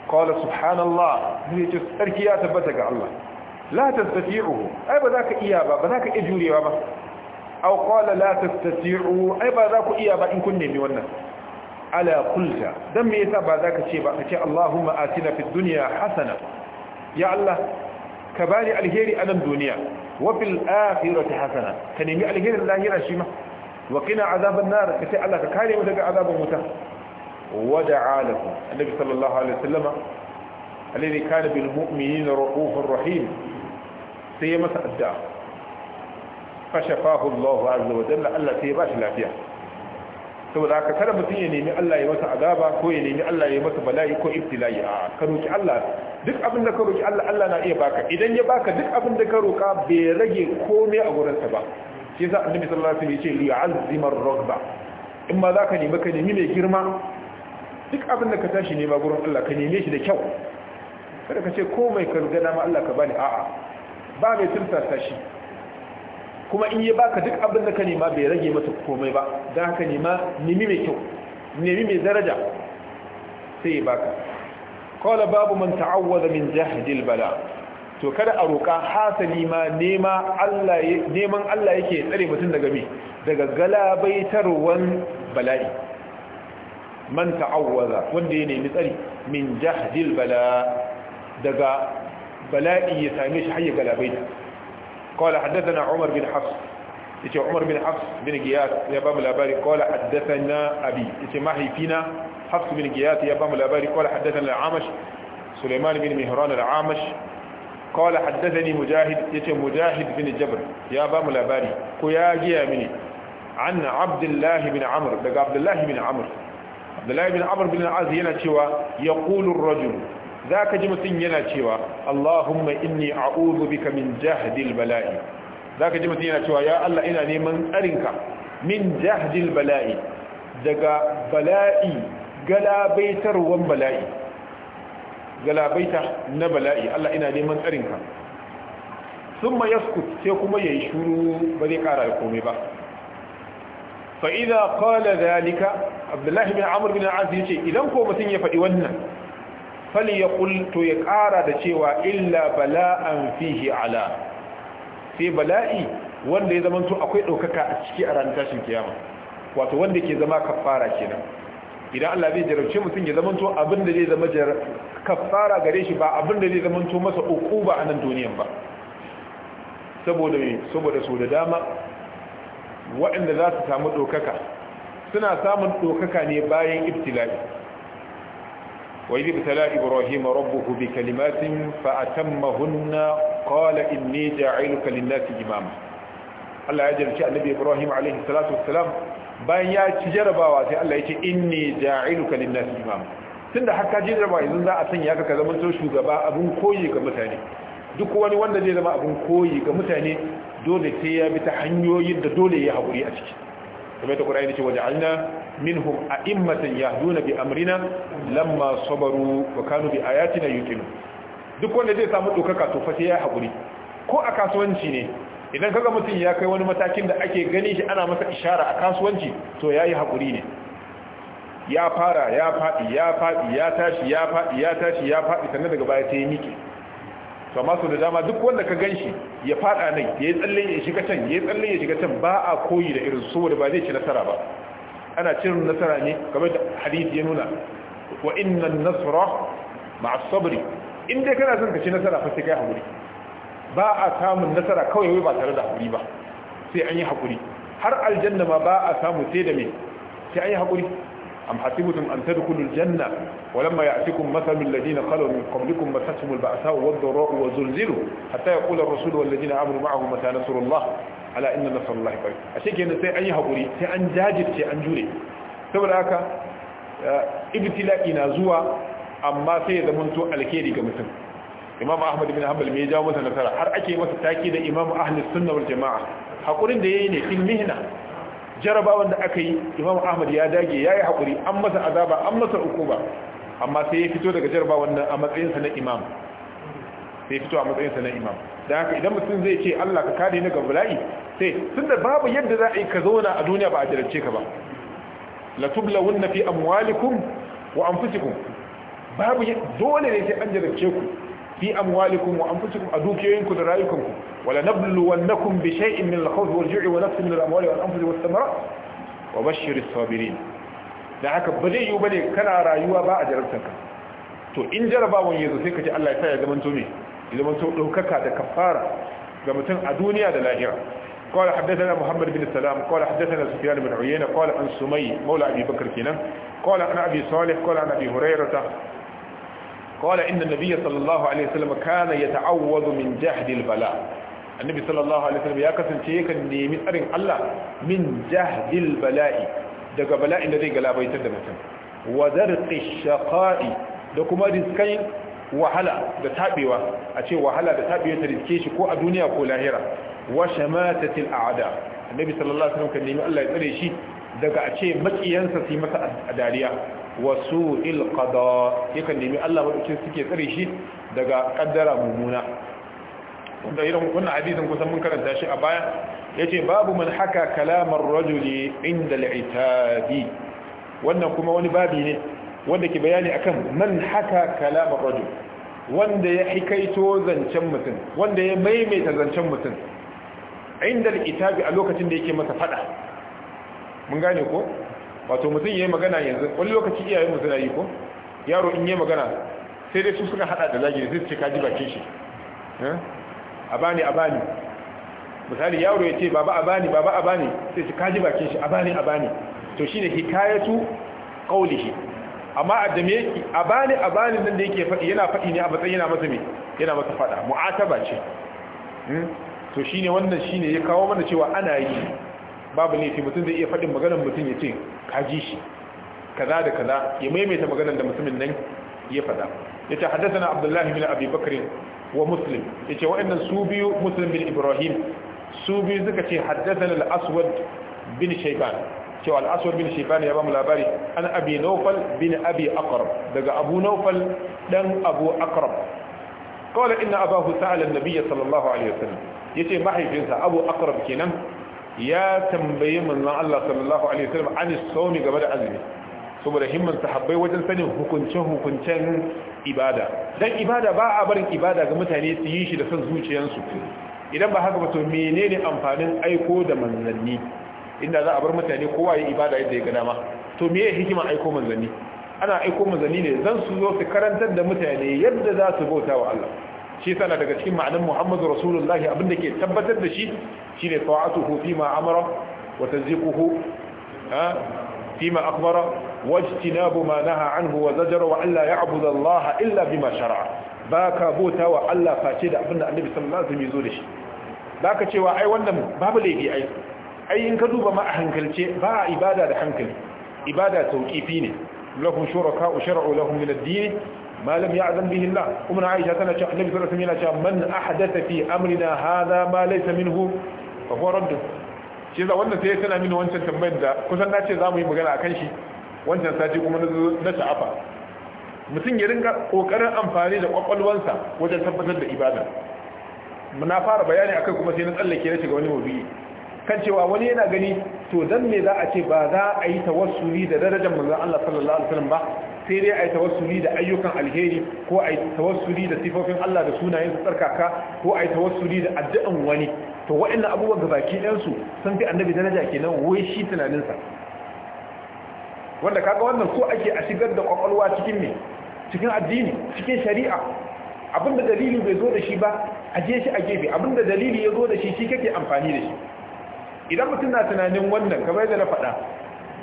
qala subhanallah zai ce sarki ya tabbata ga Allah la tastati'u ai ba za ka iya ba ba za ka iya jurewa ba aw qala la tastati'u ai ba za ku iya ba in kun nemi wannan ala kulta dan me yasa ba za ka ce ba ka ce Allahumma atina fid dunya hasana ya Allah ka bani alheri a nan duniya wa fil akhirati hasana ka nemi alherin lahira shi ma wa qina azaban nar ka ce Allah ka kare mu daga azaban wuta wa da'a lahu annabi sallallahu alaihi wasallama alladhi kana bil mu'minina raufur rahim sai ya masa addu'a fashafahu Allah azza wa jalla Allah sai ba shi lafiya saboda haka kada mutum ya nemi Allah ya masa azaba ko ya nemi Allah ya masa bala'i ko ibtila'i a ka roki Allah duk abin da ka roki Allah Allah na iya baka idan ya baka duk abin da ka roka bai rage komai a gurin sa ba shi yasa annabi sallallahu alaihi wasallam ya ce li'azzima ar-rogba in ma zaka nemi ka nemi mai girma duk abin da ka tashi nema gurin Allah ka neme shi da kyau kada ka ce komai ka riga ma Allah ka bani a'a ba mai tumsa shi kuma in ya baka duk abin da ka nema bai rage masa komai ba don haka nema nemi mai kyau nemi mai daraja sai ya baka kawai babu man ta'awwaza min jahadil bala to kada a roƙa hasali ma neman Allah yake tsare mutum daga me daga galabaitarwan bala'i man ta'awwaza wanda ya nemi tsari min jahadil bala daga bala'i ya same shi har galabaita قال حدثنا عمر بن حفص yace Umar bin Hafs bin Giyas ya ba mu labari qala haddathana abi yace mahaifina Hafs bin Giyas ya ba mu labari qala haddathana al-Amash Sulaiman bin Mihran al-Amash qala haddathani Mujahid yace Mujahid bin Jabr ya ba labari ko ya giya mini an Abdullah bin Amr daga Abdullah bin Amr Abdullah bin Amr bin al-Az yana cewa ya ar-rajul za ka ji mutum yana cewa Allahumma inni a'udhu bika min jahdil bala'i za ka ji mutum yana cewa ya Allah ina neman tsarinka min jahdil bala'i daga bala'i galabaitarwan bala'i galabaita na bala'i Allah ina neman tsarinka sun ma yaskut sai kuma ya yi shuru ba zai kara da komai ba fa'iza da zalika abdullahi bin amur bin aziz ce idan ko mutum ya faɗi wannan fali ya kulto ya ƙara da cewa illa bala'an fihi ala sai bala'i wanda ya zama akwai ɗaukaka a ciki a ranar tashin kiyama wato wanda ke zama kafara kenan idan Allah zai jarabce mutum ya zama abin da zai zama kafara gare shi ba abin da zai zama masa uku ba a nan duniyan ba saboda saboda so da dama waɗanda za su samu ɗaukaka suna samun ɗaukaka ne bayan ibtila'i وإذ ابتلى إبراهيم ربه بكلمات فأتمهن قال إني جاعلك للناس إماما Allah ya jarci annabi Ibrahim alaihi salatu wassalam bayan ya ci jarabawa sai Allah ya ce in ja'iluka lin tunda har ka ji jarabawa yanzu za a sanya ka ka zama to shugaba abun koyi ga mutane duk wani wanda zai zama abun koyi ga mutane dole sai ya bi ta hanyoyin da dole ya haƙuri a ciki kuma ta Qur'ani ce waje alina minhum a'immatan yahduna bi amrina lamma sabaru wa kanu bi na yukinu duk wanda zai samu dokaka to fa sai ya hakuri ko a kasuwanci ne idan kaga mutum ya kai wani matakin da ake gani shi ana masa ishara a kasuwanci to yayi hakuri ne ya fara ya faɗi ya faɗi ya tashi ya faɗi ya tashi ya faɗi sannan daga baya sai ya miƙe to amma da dama duk wanda ka gan shi ya fada nan yi tsalle ya shiga can ya yi tsalle ya shiga can ba a koyi da irin saboda ba zai ci nasara ba ana cin nasara ne kamar da hadisi ya nuna wa inna an-nasra ma'a as in dai kana son ka ci nasara fa sai kai hakuri ba a samun nasara kawai wai ba tare da hakuri ba sai an yi hakuri har aljanna ma ba a samu sai da me sai an yi hakuri am hasibtum an tadkhulul janna walamma ya'tikum mathalul ladina khalu min qablikum massatuhumul ba'sa'u wad-dharra'u wa zulzilu hatta yaqula rasul wal ladina amanu ma'ahu mata nasrullah ala inna nasrullahi qarib ashe kenan sai an yi hakuri sai an jajirce an jure saboda haka ibtila'i na zuwa amma sai ya zamanto alkhairi ga mutum imam ahmad bin hanbal me ya jawo masa nasara har ake masa taki da imam ahlus sunna wal jamaa hakurin da ya yi ne fil mihna jarabawan da aka yi imam ahmad ya dage ya yi haƙuri an masa azaba an masa ukuba amma sai ya fito daga jarabawan nan a matsayinsa na imam sai fito a matsayinsa na imam da haka idan mutum zai ce allah ka kare ni ga bala'i sai tunda babu yadda za a yi ka zauna a duniya ba a jarabce ka ba la tublawunna fi amwalikum wa anfusikum babu dole ne sai an jarabce ku fi amwalikum wa anfusikum a dukiyoyinku da rayukanku wala nabluwannakum bi shay'in min al-khawf wal ju'i wa nafsin min al-amwali wal anfusi was wa sabirin da haka ba zai yi kana rayuwa ba a jarabtanka to in jarabawan sai ka ji Allah ya sa ya zama to me ya zama to daukaka da kafara ga mutum a duniya da lahira قال حدثنا محمد بن سلام قال حدثنا سفيان بن عيينة قال عن سمي مولى أبي بكر قال عن أبي صالح قال عن أبي هريرة قال inda النبي صلى الله عليه وسلم كان يتعوذ من جهد البلاء annabi ya kasance yakan nemi tsarin Allah min jahdil bala'i daga bala'i da zai galabaitar da mutum wa darqi shaqa'i da kuma riskai wahala da tabewa a ce wahala da tabewa ta riske shi ko a duniya ko lahira wa shamatatil a'da annabi sallallahu alaihi wasallam kan nemi Allah ya tsare shi daga a ce makiyansa su masa masa dariya wasu ilkada yakan nemi Allah maɗauki suke tsare shi daga ƙaddara mummuna wanda irin wannan hadisin kusan mun karanta shi a baya ya ce babu man haka kalamar rajuli inda al'itabi wannan kuma wani babi ne wanda ke bayani akan man haka kalamar rajuli wanda ya hikaito zancen mutum wanda ya maimaita zancen mutum inda al'itabi a lokacin da yake masa fada mun gane ko wato mutum yayi magana yanzu wani lokaci iyayen mu suna yi ko yaro in yayi magana sai dai su suka hada da zagi sai su ce ka ji bakin shi eh? a bani a bani misali yaro ya ce baba a bani baba a bani sai su kaji bakin shi a bani a bani to shine hikayatu qaulihi amma addame yake a bani a bani nan da yake faɗi yana faɗi ne a matsayin yana masa me yana masa faɗa mu'ataba ce hmm? to shine wannan shine ya kawo mana cewa ana yi babu laifi mutum zai iya faɗin maganar mutum ya ce ka ji shi kaza da kaza ya maimaita maganar da mutumin nan ya faɗa ya ce haddasa na abdullahi bin abi bakarin wa muslim ya ce waɗannan su biyu muslim bin ibrahim su biyu suka ce haddasa na al'aswad bin shaiban cewa al'aswad bin shaiban ya ba mu labari an abi naufal bin abi akarab daga abu naufal dan abu akarab kawai inna abahu sa'alan nabiyya sallallahu alaihi wasallam ce mahaifinsa abu akarab kenan ya tambayi manzon Allah sallallahu alaihi wasallam an sawmi game da azumi saboda himman sahabbai wajen sanin hukuncen hukuncen ibada dan ibada ba a barin ibada ga mutane su yi shi da san zuciyarsu idan ba haka ba to menene amfanin aiko da manzanni inda za a bar mutane kowa ya ibada yadda ya ga dama to me ya hikima aiko manzanni ana aiko manzanni ne zan su zo su karantar da mutane yadda za su bauta wa Allah shi sana daga cikin ma'anin muhammadu rasulullahi abinda ke tabbatar da shi shine ta'atuhu fi ma amara wa tanziquhu fi ma akbara wajtinabu ma naha anhu wa allah ya alla ya'budu Allah illa bima ba ka bota wa Allah face da abinda annabi sallallahu alaihi zo da shi ka cewa ai wannan babu laifi ai ai in ka duba ma a hankalce ba ibada da hankali ibada tauqifi ne lahum shuraka'u shar'u lahum min ad-din malam ya azan bihi Allah umma na Aisha tana cewa Annabi sallallahu alaihi wasallam yana cewa man ahdatha fi amrina hadha ma laysa minhu fa huwa radd shi da wannan sai tana mini wancan tambayar da kusan na ce za mu yi magana akan shi wancan sati kuma na sha'afa mutum ya rinka kokarin amfani da kwakwalwansa wajen tabbatar da ibada na fara bayani akai kuma sai na tsallake na shiga wani mawdu'i kan cewa wani yana gani to dan me za a ce ba za a yi tawassuli da darajar manzon Allah sallallahu alaihi wasallam ba sai dai a yi tawassuli da ayyukan alheri ko a yi tawassuli da sifofin Allah da sunayen su tsarkaka ko a yi tawassuli da addu'an wani to waɗannan abubuwan ga baki ɗansu sun fi annabi daraja kenan wai shi tunaninsa wanda kaga wannan ko ake a shigar da kwakwalwa cikin ne cikin addini cikin shari'a abinda dalili bai zo da shi ba a je shi a gefe abinda dalili ya zo da shi shi kake amfani da shi idan mutum na tunanin wannan kamar yadda na faɗa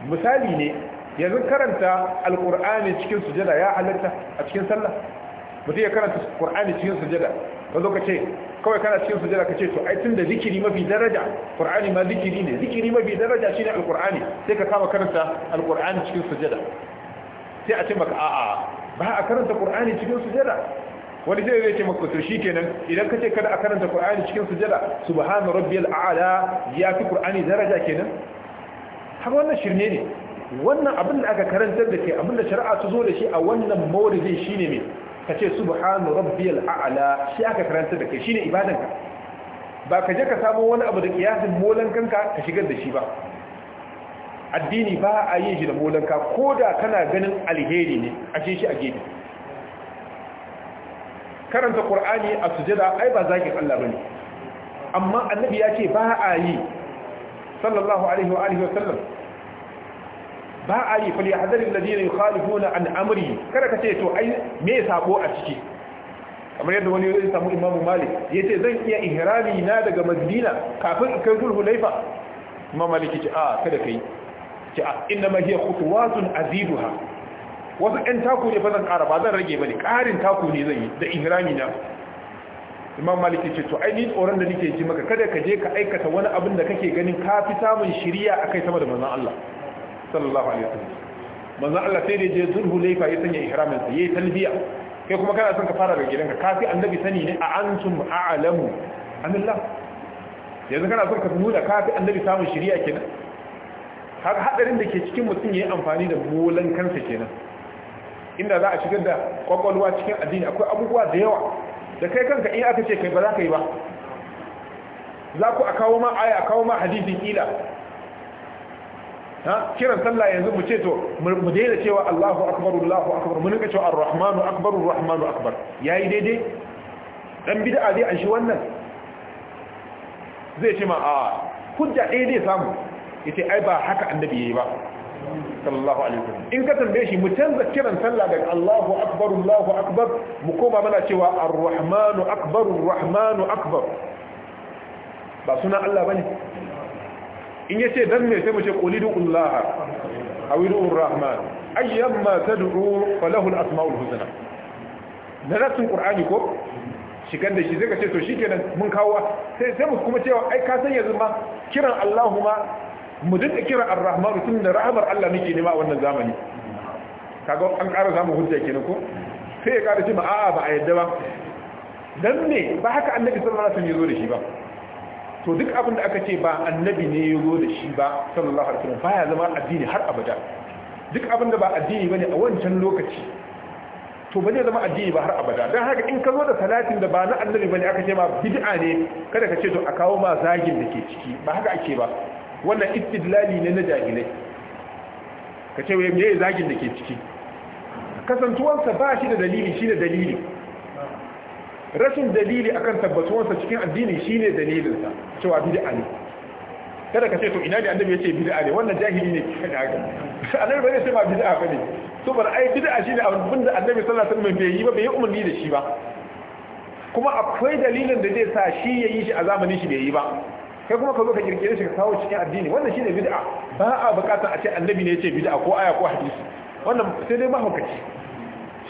misali ne yanzu karanta alkur'ani cikin sujada ya halitta a cikin sallah mutum ya karanta qur'ani cikin sujada ka zo ka ce kawai kana cikin sujada ka ce to ai tunda zikiri mafi daraja qur'ani ma zikiri ne zikiri mafi daraja shine alkur'ani sai ka kama karanta alkur'ani cikin sujada sai a ce maka a'a ba a karanta qur'ani cikin sujada wani zai zai ce maka to shikenan idan ka ce kada a karanta qur'ani cikin sujada subhana rabbiyal a'la ya fi qur'ani daraja kenan har wannan shirme ne wannan abin da aka karantar da ke abin da shari'a ta zo da shi a wannan maulidi shi ne ka ce subhanu rabbiyal a'ala shi aka karantar da ke shi ne ibadanka ba ka je ka samu wani abu da kiyasin molan kanka ka shigar da shi ba addini ba a yi shi da ka ko da kana ganin alheri ne a ce shi a gefe karanta qur'ani a sujada ai ba zakin Allah bane amma annabi ya ce ba a yi sallallahu alaihi wa alihi wa sallam ba a yi fali hadarin da zirin khalifuna an amri kada ka ce to ai me sabo a ciki kamar yadda wani zai samu imamu malik ya ce zan iya ihrami na daga madina kafin in kai zulhu laifa imam malik ce a ah, kada kai ce a ah, inna ma hiya khutuwatun ha, wasu ɗan taku ne fasan zan ƙara ba zan rage bane ƙarin taku ne zan yi da ihrami na imam malik ce to ai ni tsoron da nike ji maka kada ka je ka aikata wani abin da kake ganin ka fi samun shiriya kai sama da mazan Allah sallallahu alaihi wasallam manzo Allah sai da je zulhu laifa ya sanya ihramin sa yayi talbiya kai kuma kana son ka fara da gidanka ka fi annabi sani ne a antum a'lamu amillah yanzu kana son ka nuna ka fi annabi samun shari'a kenan har hadarin da ke cikin mutum yayi amfani da bolan kansa kenan inda za a shigar da kwakwalwa cikin addini akwai abubuwa da yawa da kai kanka in aka ce kai ba za ka yi ba za ku a kawo ma aya a kawo ma hadisin ila ha kiran sallah yanzu mu ce to mu daina cewa Allahu akbar Allahu akbar mu rinka cewa Ar-Rahmanu akbar rahmanu akbar yayi daidai dan bid'a dai an shi wannan zai ce ma a hujja dai zai samu yace ai ba haka annabi yayi ba sallallahu alaihi wasallam in ka tambaye shi mu canza kiran sallah daga Allahu akbar Allahu akbar mu koma mana cewa Ar-Rahmanu akbar Ar-Rahmanu akbar ba suna Allah bane in yace dan me sai mu ce qulidullaha awidu rahman ayyamma tad'u falahu al-asmaul husna da rasul qur'ani ko shigar da shi zai ka ce to shikenan mun kawo sai sai mu kuma cewa ai ka san yanzu ma kiran Allahu ma mu dinka kiran Ar-Rahman tun da rahmar Allah muke nema a wannan zamani kaga an ƙara zamu hujja kenan ko sai ya ƙara ce ma a'a ba a yadda ba dan ne ba haka Annabi sallallahu alaihi wasallam ya zo da shi ba to duk abin da aka ce ba annabi ne ya zo da shi ba sallallahu alaihi wasallam baya zama addini har abada duk abin da ba addini bane a wancan lokaci to ba zai zama addini ba har abada dan haka in ka zo da salatin da ba na annabi bane aka ce ma bid'a ne kada ka ce to a kawo ma zagin da ke ciki ba haka ake ba wannan istidlali ne na jahilai ka ce wai me zagin da ke ciki kasantuwansa ba shi da dalili shi da dalili rashin dalili akan tabbatuwansa cikin addini shine dalilinsa cewa bid'a ne kada ka ce to ina ne annabi yace bid'a ne wannan jahili ne kika da haka [LAUGHS] annabi bai ce ma bid'a ne to bar ai bid'a shine abin da annabi sallallahu alaihi wasallam bai yi ba bai yi umarni da shi ba kuma akwai dalilin da zai sa shi yayi shi a zamanin shi bai yi ba kai kuma ka zo ka kirkire shi ka kawo cikin addini wannan shine bid'a ba a bukatar a ce annabi ne yace bid'a ko aya ko hadisi wannan sai dai mahaukaci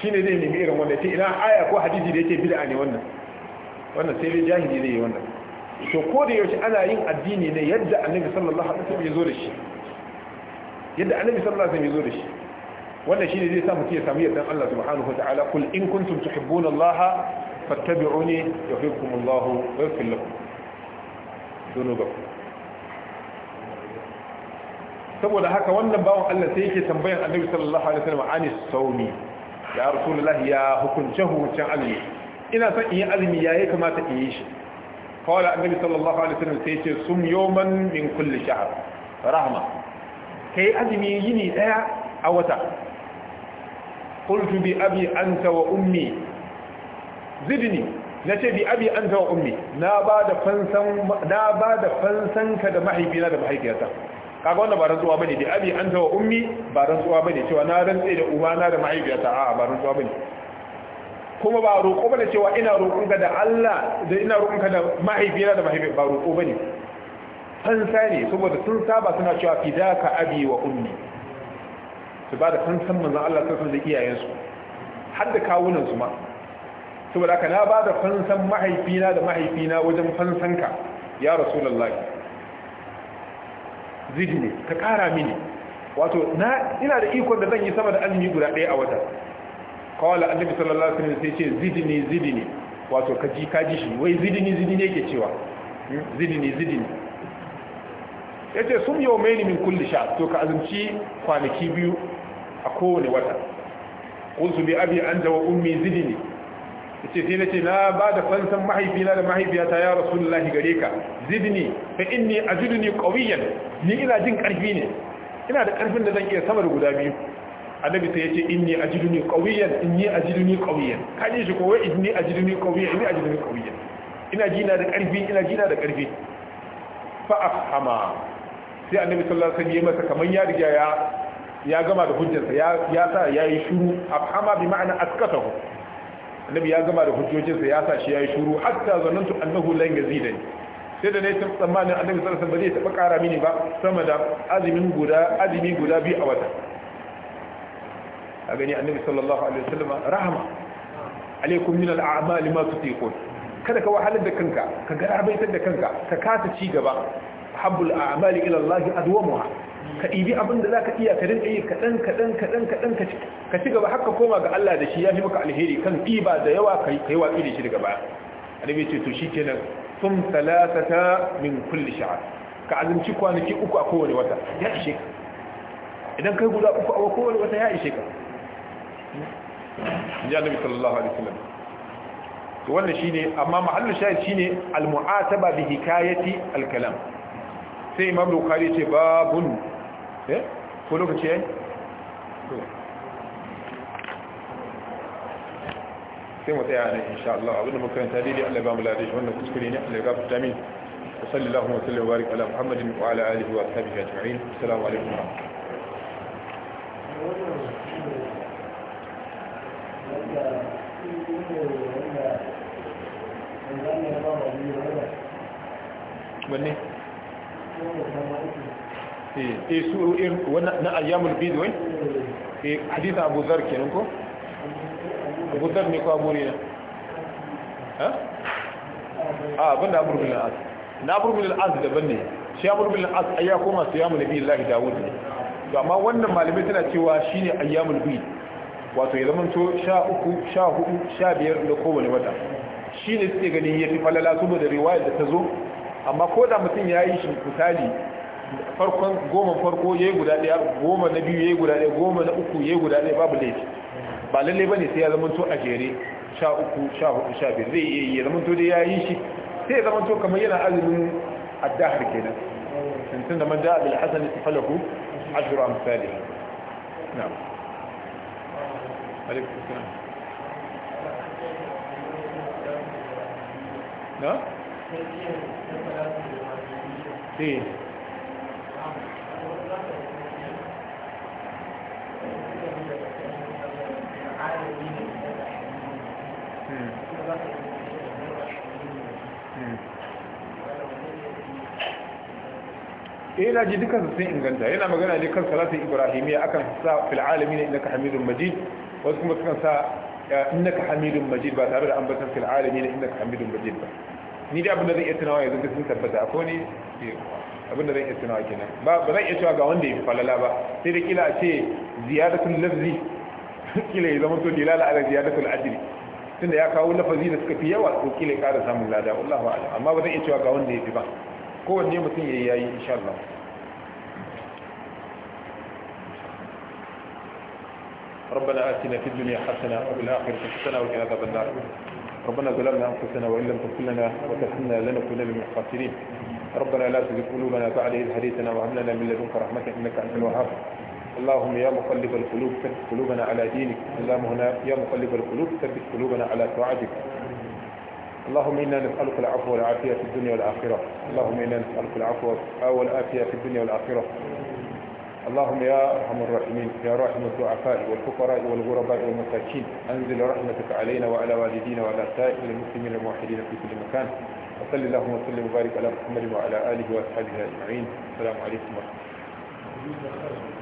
shine zai nemi irin wanda ce ina aya ko hadisi da yake bid'a ne wannan wannan sai dai jahili zai yi wannan to ko da yaushe ana yin addini ne yadda annabi sallallahu alaihi wasallam ya zo da shi yadda annabi sallallahu alaihi wasallam ya zo da shi wannan shine zai sa mutum ya samu yardan Allah subhanahu wataala kul in kuntum tuhibbuna Allah fattabi'uni yuhibbukumullahu wa yaghfir lakum dunubakum saboda haka wannan bawan Allah sai yake tambayan annabi sallallahu alaihi wasallam ani saumi ya rasulullah ya hukunce hukuncen azumi ina son in yi azumi ya yi kamata in yi shi kawai annabi sallallahu alaihi wasallam sai ce sum yoman min kulli shahr rahma kai azumi yini daya a wata qultu bi abi anta wa ummi zidni nace bi abi anta wa ummi na bada fansan na bada fansan ka da mahaifina da mahaifiyata kaga wannan ba rantsuwa bane da abi anta wa ummi ba rantsuwa bane cewa na rantse da uba na da mahaifiyata a'a ba rantsuwa bane kuma ba roƙo bane cewa ina ka da Allah da ina ka da mahaifiyata da mahaifi ba roƙo bane fansa ne saboda sun saba suna cewa fidaka abi wa ummi su ba da fansan manzon Allah sai sun da iyayensu har da kawunan su ma saboda haka na ba da fansan mahaifina da mahaifina wajen fansanka ya rasulullahi zidni ka kara mini wato na ina da ikon da zan yi sama da azumi guda ɗaya a wata kawala annabi sallallahu alaihi wasallam sai ce zidni zidni wato kaji kaji shi wai zidni zidni yake cewa hmm? zidni zidni yace sum yawmayn min kulli sha to ka azumci kwanaki biyu a kowane wata qultu bi abi anta wa ummi zidni yace sai ce na ba da fansan mahaifina da mahaifiyata ya rasulullahi gare ka zidni fa inni ajiduni qawiyan ni ina jin karfi ne ina da karfin da zan iya sama da guda biyu annabi sai yace inni ajiduni qawiyan inni ajiduni qawiyan kaje shi ko wai inni ajiduni qawiyan inni ajiduni qawiyan ina jina da karfi ina jina da karfi fa afhama sai annabi sallallahu alaihi wasallam ya masa kaman ya riga ya ya gama da hujjarsa ya ya sa yayi shuru afhama bi ma'ana askatahu annabi ya gama da sa ya sa shi yayi shuru hatta zanantu annahu lan yazidani sai da nayi tsammanin annabi sallallahu alaihi wasallam ba zai taba kara mini ba sama da azimin guda azimi guda biyu a wata a gani annabi sallallahu alaihi wasallam rahama alaikum min al'amali ma tutiqun kada ka wahalar da kanka ka garabaitar da kanka ka kasa ci gaba habbul a'mali ila Allah adwamuha ka ɗibi abin da za ka iya ka rinka yi kaɗan kaɗan kaɗan kaɗan ka ci gaba haka koma ga Allah da shi ya fi maka alheri kan ɗiba da yawa ka yi watsi da shi daga baya annabi ce to shi kenan sun talatata min kulli sha'ar ka azumci kwanaki uku a kowane wata ya ishe ka idan kai guda uku a kowane wata ya ishe ka ya annabi sallallahu alaihi wasallam to wannan shine amma mahallu shahid shine al mu'ataba bi hikayati al kalam sai imam bukhari ce babun eh ko lokaci yayi to sai mu tsaya ne insha Allah abinda muka karanta dai Allah ya ba mu ladashi wannan kuskure ne Allah ya gafarta min wa sallallahu wa sallam barik ala muhammadin wa ala alihi wa ashabihi ajma'in assalamu alaikum wa rahmatullahi wanne eh su na ayyamul bid wai eh Abu Dharr kenan ko Abu Dharr ne ko Abu Rina ha a ah, banda Abu Bin al-As na Abu Bin al-As daban ne shi Abu Bin al-As ayya koma siyamu Nabi Allah Dawud ne to amma wannan malamai tana cewa shi shine ayyamul bid wato ya zamanto sha uku sha hudu sha biyar da kowane wata shi ne suke ganin ya fi falala saboda riwayar da ta zo amma ko da mutum ya yi shi misali farkon goma farko ya yayi guda ɗaya goma na biyu ya yayi guda ɗaya goma na uku ya yayi guda ɗaya babu laifi ba lalle ne sai ya zama a jere 13 14 15 zai iya ya zama to dai yi shi sai ya zama to kamar yana azumin addahar kenan tun da man da bil hasan falahu a amsalih na'am alaikum salam na? Sí. Eh. Hmm. eh na ji dukansu sun inganta yana magana ne kan Ibrahim ya akan sa fil alamin innaka hamidun majid wasu kuma sukan sa innaka hamidun majid ba tare da an ambatan fil alamin innaka hamidun majid ba ni da abin da zan iya tunawa yanzu duk sun tabbata a kone eh, abin da zan iya tunawa kenan ba ba zan iya cewa ga wanda ya fi falala ba sai da kila a ce ziyadatul lafzi [LAUGHS] kila ya zama to dilala ala ziyadatul ajri tunda ya kawo lafazi da suka fi yawa ko kila ƙara samun lada wallahu a'lam amma ba zan iya cewa ga wanda ya fi ba kowanne mutum yayi yayi insha Allah ربنا آتنا في الدنيا حسنة وفي الآخرة حسنة وقنا عذاب النار ربنا ظلمنا أنفسنا وإن لم تغفر لنا وترحمنا لنكونن من الخاسرين ربنا لا تزغ قلوبنا بعد إذ هديتنا وهب لنا من لدنك رحمة إنك أنت الوهاب اللهم يا مقلب القلوب ثبت قلوبنا على دينك اللهم هنا يا مقلب القلوب ثبت قلوبنا على طاعتك اللهم إنا نسألك العفو والعافية في الدنيا والآخرة اللهم إنا نسألك العفو والعافية في الدنيا والآخرة اللهم يا أرحم الراحمين يا راحم الضعفاء والفقراء والغرباء والمساكين أنزل رحمتك علينا وعلى والدينا وعلى سائر المسلمين الموحدين في كل مكان وصل اللهم وسلم وبارك على محمد وعلى آله وأصحابه أجمعين السلام عليكم ورحمة الله